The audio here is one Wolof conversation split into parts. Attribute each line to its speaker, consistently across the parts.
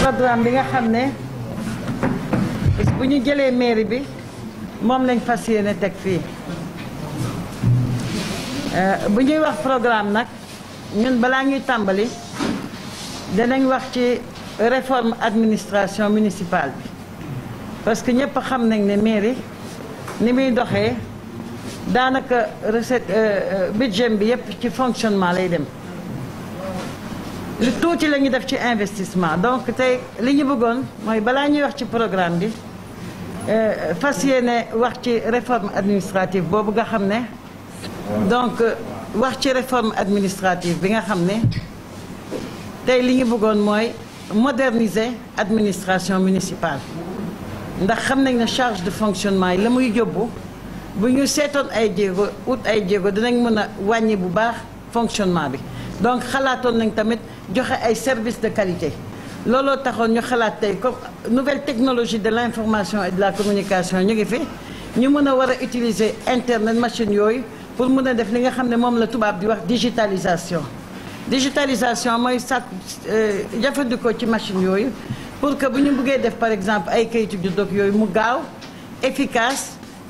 Speaker 1: programme bi nga xam ne bu ñu jëlee mairie bi moom lañ fas yéene teg fii euh, bu ñuy wax programme nag ñun balaa ñuy tàmbali danañ wax ci réforme administration municipale bi parce que ñëpp xam nañ ne mairie ni muy doxee danaka recette euh, euh, budget bi yëpp ci fonctionnement lay dem le tout la ñu def ci investissement donc tay liñu ñu moy bala balaa wax ci programme bi euh yéene wax ci réforme administrative boobu nga xamné donc euh, wax ci réforme administrative bi nga xamné tay liñu li moy moderniser administration municipale ndax xamnañ na charge de fonctionnement yi la muy yóbbu bu ñu seetoon ay jéego ut ay jéego dinañ mën a wàññi bu baax fonctionnement bi donc xalaatoon nañ tamit joxe ay services de qualité Lolo, taxoon ñu xalaat tey comme nouvelle technologie de l'information et de la communication ñu ngi fi ñu mën a utiliser internet machine yooyu pour mën a def li nga xam ne la tubaab di wax digitalisation digitalisation mooy sàkk euh, jëfandikoo ci machine yooyu pour que bu ñu bëggee def par exemple ay kayitu juddoog yooyu mu gaaw efficace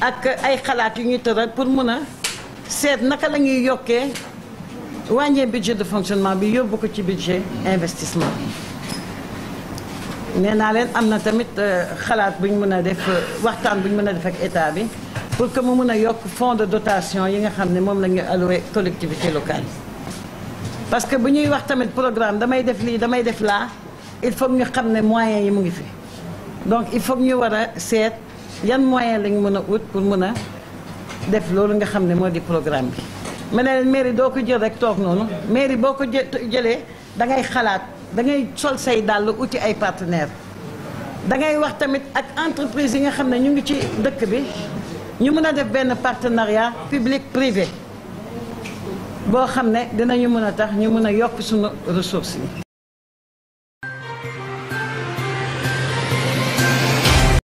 Speaker 1: ak ay xalaat yu ñuy tëral pour mun a seet naka la ñuy yokkee wàññee budget de fonctionnement bi yóbbu ko ci budget investissement nee naa leen am na tamit euh, xalaat bu ñu mën a def waxtaan bu ñu mën a def ak état bi pour que mu mën a yokk fonds de dotation yi nga xam ne moom la ñuy alloué collectivité locale parce que bu ñuy wax tamit programme damay def lii damay def laa il faut ñu xam ne moyens yi mu ngi fi donc il faut ñu war a seet yan moyen lañ mën a ut pour mën a def loolu nga xam ne moo di programme bi ma ne leen mairie doo ko jël rek toog noonu mairie boo ko jëlee da ngay xalaat da ngay sol say dàll uti ay partenaire da ngay wax tamit ak entreprise yi nga xam ne ñu ngi ci dëkk bi ñu mën a def benn partenariat public privé boo xam ne dinañu mën a tax ñu mën a yokk suñu ressources yi